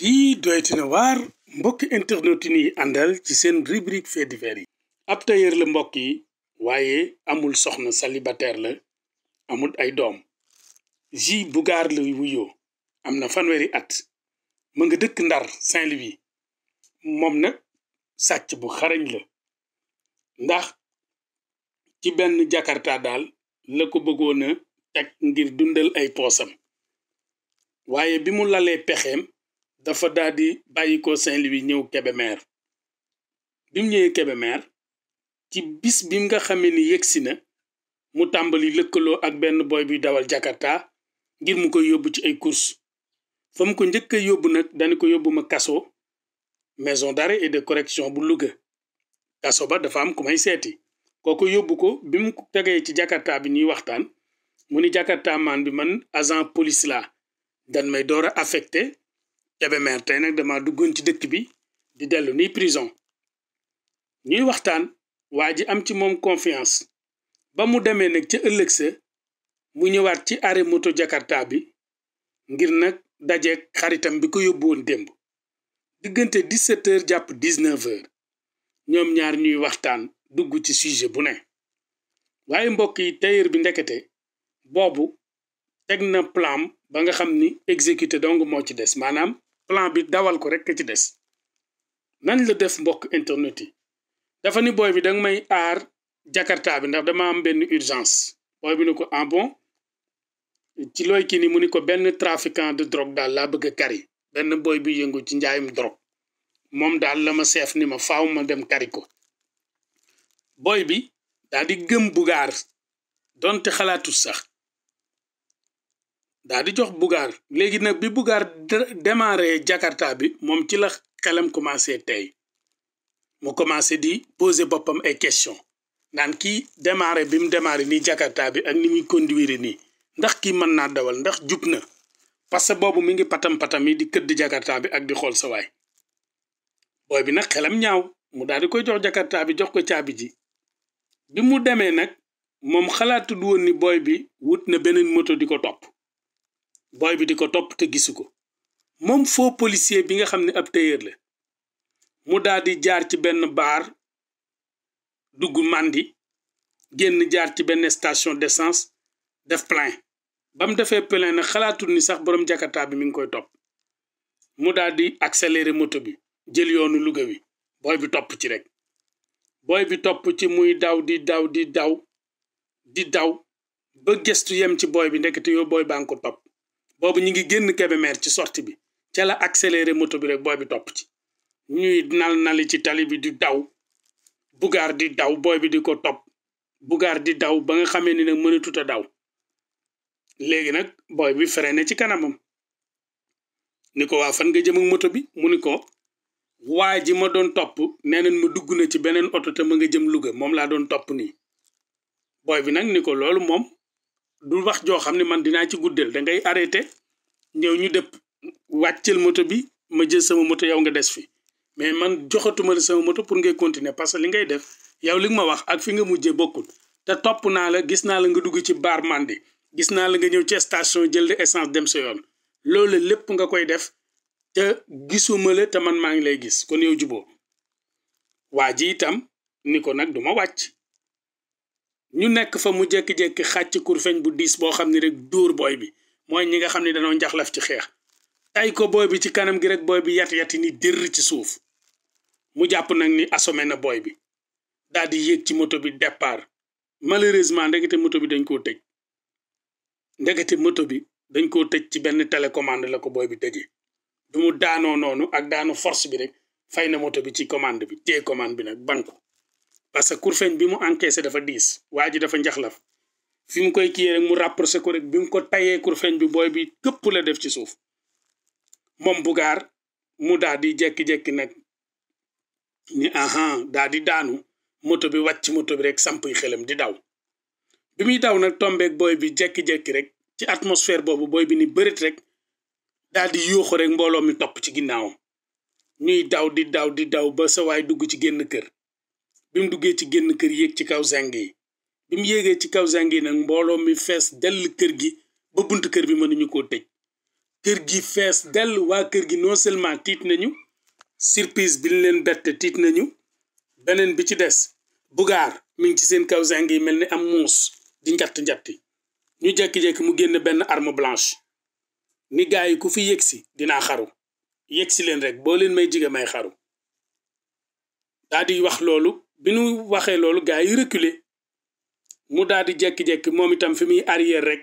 lii doytina waar mbokki internet yi ñuy àndal ci seen rubrique fait divers yi ab tailleur la mbokk yi waaye amul soxna célibataire la amul ay doom ji bugaar la wuyoo am na fanweeri at mu nga dëkk ndar Saint-Louis moom nag sàcc bu xarañ la ndax ci benn jakarta daal la ko bëggoon a teg ngir dundal ay poosam waaye bi mu lalee pexeem dafa daldi di bàyyi ko Saint-Louis ñëw Kébémer bi ñëwee Kébémer ci bis bi nga xamee ni yegsi na mu tàmbali lëkkaloo ak benn booy buy dawal Jakarta ngir mu koy yóbbu ci ay course fa mu ko njëkk yóbbu nag dañu ko yóbbu ma kaso maison d'arrêt et de bu Louga kaso ba dafa am ku may seeti kooku yóbbu ko bi mu tegee ci Jakarta bi ñuy waxtaan mu ni Jakarta man bi man agent police la dan may door a affecté Kébémer tey nag dama duggoon ci dëkk bi di dellu ni prison ñuy waxtaan waa ji am ci moom confiance ba mu demee nag ca ëllëg sa mu ñëwaat ci arrêt moto Jakarta bi ngir nag dajeeg xaritam bi ko yóbbuwoon démb diggante 17h jàpp 19h ñoom ñaar ñuy waxtaan dugg ci sujet bu ne waaye mbokk yi tailleur bi ndekete boobu teg na plan ba nga xam ni exécuté dong moo ci des maanaam plan bi dawal ko rek ci des nañ la def mbokk internet yi dafa ni booy bi danga may aar jakarta bi ndax dama am benn urgence booy bi ni ko en ah bon ci looy kii ni mu ni ko benn trafiquant de drogue daal laa bëgg kari benn booy bi yëngu ci njaayum drogue moom daal la ma seef ni ma faaw ma dem kari ko booy bi daal di gëm bugaar donte xalaatu sax daa di jox Bougar léegi nag bi Bougar démarré Jakarta bi moom ci la xelam commencé tey mu commencé di poser boppam ay question naan kii démarré bi mu démarré nii Jakarta bi ak ni muy conduire nii ndax kii mën naa dawal ndax jug na parce que boobu mi ngi patam patam yi di këdd Jakarta bi ak di xool sa waay booy bi nag xelam ñaaw mu daal di koy jox Jakarta bi jox ko caabi ji bi mu demee nag moom xalaatut woon ni booy bi wut na beneen moto di ko topp. boy bi di ko topp te gisu ko moom faux policier bi nga xam ne ab tailleur la mu daldi jaar ci benn baar dugg màndi génn jaar ci benn station d'essence def plein ba mu defee plein nag xalaatul ni sax boroom jakarta bi mi ngi koy topp mu daal di moto bi jël yoonu Louga wi booy bi topp ci rek booy bi topp ci muy daw di daw di daw di daw ba gestu yem ci booy bi ndekete yoo booy baa ngi ko topp boobu ñu ngi génn Kébémer ci sorti bi ca la accéléré moto bi rek booy bi topp ci ñuy nal nali ci tali bi di daw bugaar di daw booy bi di ko topp bugaar di daw ba nga xamee ni nag mënatut a daw léegi nag booy bi freiné ci kanamam ni ko waa fan nga jëm moto bi mu ni ko waa ji ma doon topp nee nañ ma dugg na ci beneen oto te ma nga jëm Louga moom laa doon topp nii booy bi nag ni ko loolu moom du wax joo xam ne man dinaa ci guddeel da ngay arrêté ñëw ñu dëpp wàccel moto bi ma jël sama moto yow nga des fi mais man joxatuma la sama moto pour ngay continuer parce que li ngay def yow li ma wax ak fi nga mujjee bokkut te topp naa la gis naa la nga dugg ci baar mandi gis naa la nga ñëw ci station jël de essence dem sa yoon loolu lépp nga koy def te gisuma la te man maa ngi lay gis kon yow juboo waa ji itam ni ko nag du ma wàcc ñu nekk fa mu jékki-jékki xàcc kurfeñ bu diis boo xam ne rek dóor booy bi mooy ñi nga xam ne danoo njaxlaf ci xeex tay ko booy bi ci kanam gi rek booy bi yat yati ni dërr ci suuf mu jàpp nag ni assommé na booy bi daal di yéeg ci moto bi départ malheureusement ndekete moto bi dañ koo tëj ndekete moto bi dañ koo tëj ci benn télécommande la ko booy bi tëjee du mu daanoo noonu ak daanu force bi rek fay na moto bi ci commande bi téye commande bi nag banku parce que kurfeñ bi mu encaissé dafa diis waa ji dafa njaxlaf fi mu koy kiyee rek mu rapproché ko rek bi mu ko tayee kurfeñ bi booy bi këpp la def ci suuf moom bugaar mu daal di jekki-jekki nag ni ahan daa di daanu moto bi wàcc moto bi rek samp xelam di daw bi muy daw nag tombeeg booy bi jekki-jekki rek ci atmosphère boobu booy bi ni bërit rek daal di yuuxu rek mbooloo mi topp ci ginnaawam ñuy daw di daw di daw ba sa dugg ci genn kër bi mu duggee ci génn kër yéeg ci kaw zeng yi bi mu yéegee ci kaw zeng yi nag mbooloo mi fees dell kër gi ba bunt kër bi mënuñu ko tëj kër gi fees dell waa kër gi non seulement tiit nañu surprise bi ñu leen bett tiit nañu beneen bi ci des bugaar mi ngi ci seen kaw zeng yi mel ni am muus di njatt njatti ñu jekki-jekki mu génn benn arme blanche ni gaa yi ku fi yëg si dinaa xaru yëg si leen rek boo leen may jige may xaru daa di wax loolu bi nu waxee loolu gars yi reculer mu daal di jekki-jekki moom itam fi muy arrière rek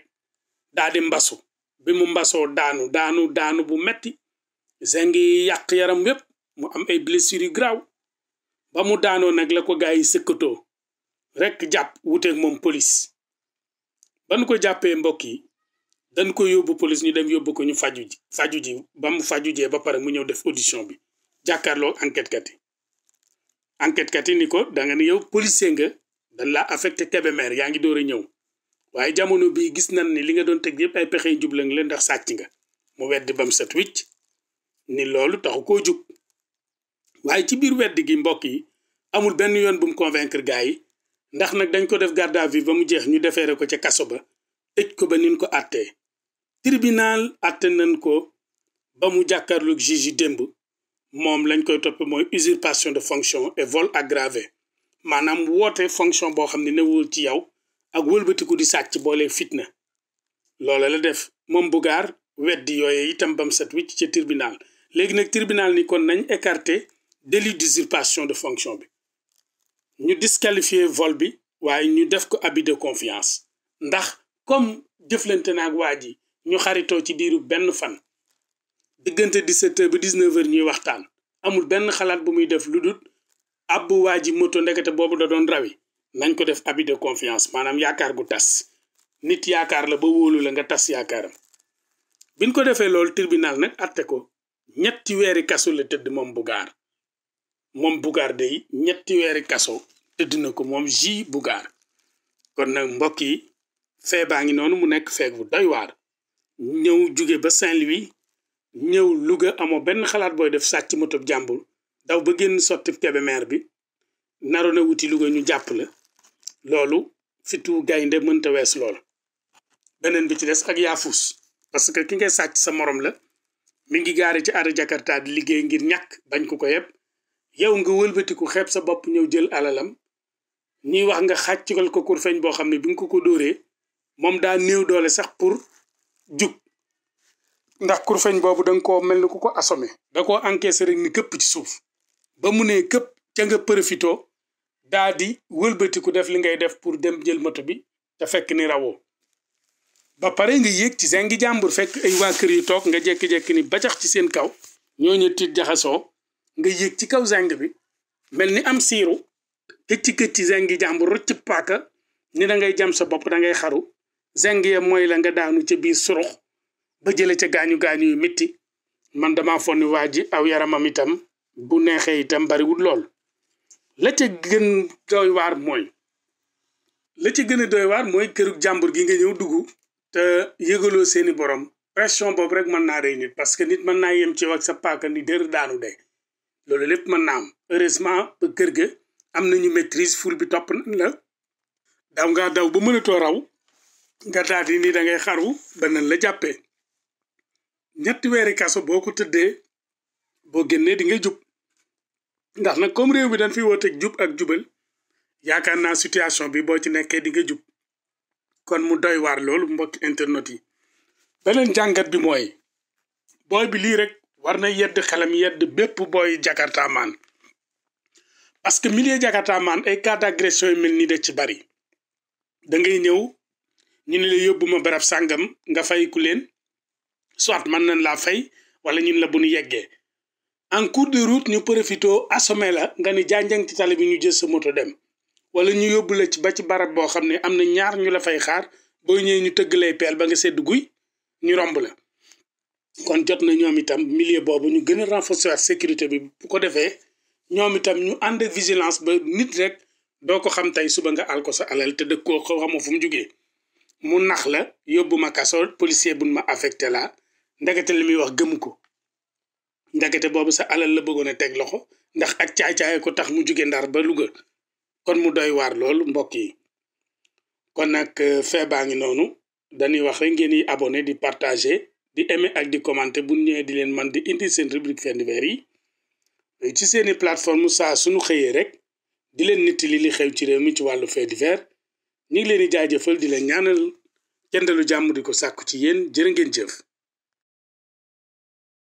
daal mbasu bi mu mbasoo daanu daanu daanu bu metti zeng yi yàq yaram yépp mu am ay blessures graw graaw ba mu daanoo nag la ko gars yi sëkkatoo rek jàpp wuteeg moom police ba ko jàppee mbokk yi dañ ko yóbbu police ñu dem yóbbu ko ñu faju ji faju ji ba mu faju jee ba pare mu ñëw def audition bi jàkkaarloo enquête kat yi enquête kat yi ni ko da nga ne yow policier nga dañ laa affecté Kébémer yaa ngi door a ñëw waaye jamono bii gis nañ ni li nga doon teg yëpp ay pexe yu jublu leen ndax sàcc nga mu weddi bam set wicc ni loolu taxu koo jug waaye ci biir wedd gi mbokk yi amul benn yoon bu mu convaincre gars yi ndax nag dañ ko def garde à ba mu jeex ñu defeere ko ca kaso ba tëj ko ba nin ko àttee tribunal àtte nañ ko ba mu jàkkaarloog juge yi démb moom lañ koy toppee mooy usurpation de fonction et vol aggravé maanaam woote fonction boo xam ne newul ci yow ak wëlbatiku di sàcc boole fitna loola la def moom Bugaar di yooye itam bam set wicc ci tribunal léegi nag tribunal ni kon nañ écarté délit d'usurpation de fonction bi ñu disqualifier vol bi waaye ñu def ko abus de confiance ndax comme jëflante naag waa ji ñu xaritoo ci diiru benn fan diggante 17h ba 19h ñuy waxtaan amul benn xalaat bu muy def lu dul abbu waa ji moto ndekete boobu da doon rawi nañ ko def abus de confiance maanaam yaakaar gu tas nit yaakaar la ba wóolu la nga tas yaakaaram biñ ko defee loolu tribunal nag atte ko ñetti weeri kaso la tëdd moom Bugaar moom Bugaar day ñetti weeri kaso tëdd na ko moom ji Bugaar kon nag mbokk yi fee baa ngi noonu mu nekk feeg bu doy waar ñëw jóge ba Saint-Louis ñëw Louga amoo benn xalaat booy def sàcc motob jàmbur daw ba génn sotti Kébémer bi naroon a wuti Louga ñu jàpp la loolu fitu gaynde mënta wees lool beneen bi ci des ak yaa yaafuus parce que ki ngay sàcc sa moroom la mu ngi gaare ci aada Jakarta di liggéey ngir ñàkk bañ ko ko yëpp yow nga wëlbatiku xep sa bopp ñëw jël alalam ñuy wax nga xàccal ko kur feñ boo xam ne bi nga ko ko dóoree moom daa néew doole sax pour jug ndax kurfeñ boobu da nga koo mel ni ku ko assomé da koo encaissé rek ni këpp ci suuf ba mu ne këpp ca nga profito daa di wëlbatiku def li ngay def pour dem jël moto bi te fekk ni rawoo ba pare nga yéeg ci seen gi jàmbur fekk ay waa kër yu toog nga jékki-jékki ni bacax ci seen kaw ñoo tiit jaxasoo nga yéeg ci kaw zeng bi mel ni am siiru këcc këcc zeng yi jàmbur rucc paaka ni da ngay jam sa bopp dangay xaru zeng ya mooy la nga daanu ca biir surux ba jële ca gaañu gaañu yu métti man dama fonni waa ji aw yaramam itam bu neexee itam bariwul lool la ca gën doy waar mooy la gën a doy waar mooy kërug jàmbur gi nga ñëw dugg te yëgaloo seeni borom pression boobu rek mën naa rey nit parce que nit mën naa yem ci wax sa paaka ni dër daanu de loolu lépp mën naa am heureusement ba kër ga am nañu maîtrise ful bi topp nan la daw ngaa daw ba mënatoo raw nga daal di ni da ngay xaru ba nan la jàppee ñetti weeri kaso boo ko tëddee boo génnee di nga jub ndax na comme réew bi dañ fi woote jub ak jubal yaakaar naa situation bi boo ci nekkee di nga jub kon mu doy waar loolu mbokki internet yi beneen jàngat bi mooy booy bi lii rek war na yedd xelam yedd bépp booy jakarta maan parce que milieu jakarta maan ay cas d'agression yu mel nii de ci bari da ngay ñëw ñu ne la yóbbuma barab sàngam nga fay ku leen soit mën nañ laa fay wala ñun la bu ñu yeggee en cours de route ñu profité assommé la nga ne janjang ci tali bi ñu jël sa moto dem wala ñu yóbbu la ci ba ci barab boo xam ne am na ñaar ñu la fay xaar boo ñëwee ñu tëgg lay peel ba nga sedd guy ñu romb la kon jot na ñoom itam milieu boobu ñu gën a renforcer sécurité bi bu ko defee ñoom itam ñu ànd ak ba nit rek doo ko xam tey suba nga àll sa alal te dëkk koo xamoo fu mu jugee mu nax la yóbbu ma kaso policier buñ ma affecté la ndagate li muy wax gëmu ko ndagate boobu sa alal la bëggoon a teg loxo ndax ak caay-caay ko tax mu jóge ndar ba Louga kon mu doy waar loolu mbokk yi kon nag euh, feebaa ngi noonu dañuy wax rek ngeen yi abonné di partager di aimer ak di commenter bu ñëwee di leen man di indi seen rubrique faits divers yi ci seeni plateforme saa suñu xëyee rek di leen nettali li xew ci réew mi ci wàllu faits divers ñu ngi leen di jaajëfal di leen ñaanal kendalu jàmm di ko sàkku ci yéen jërë ngeen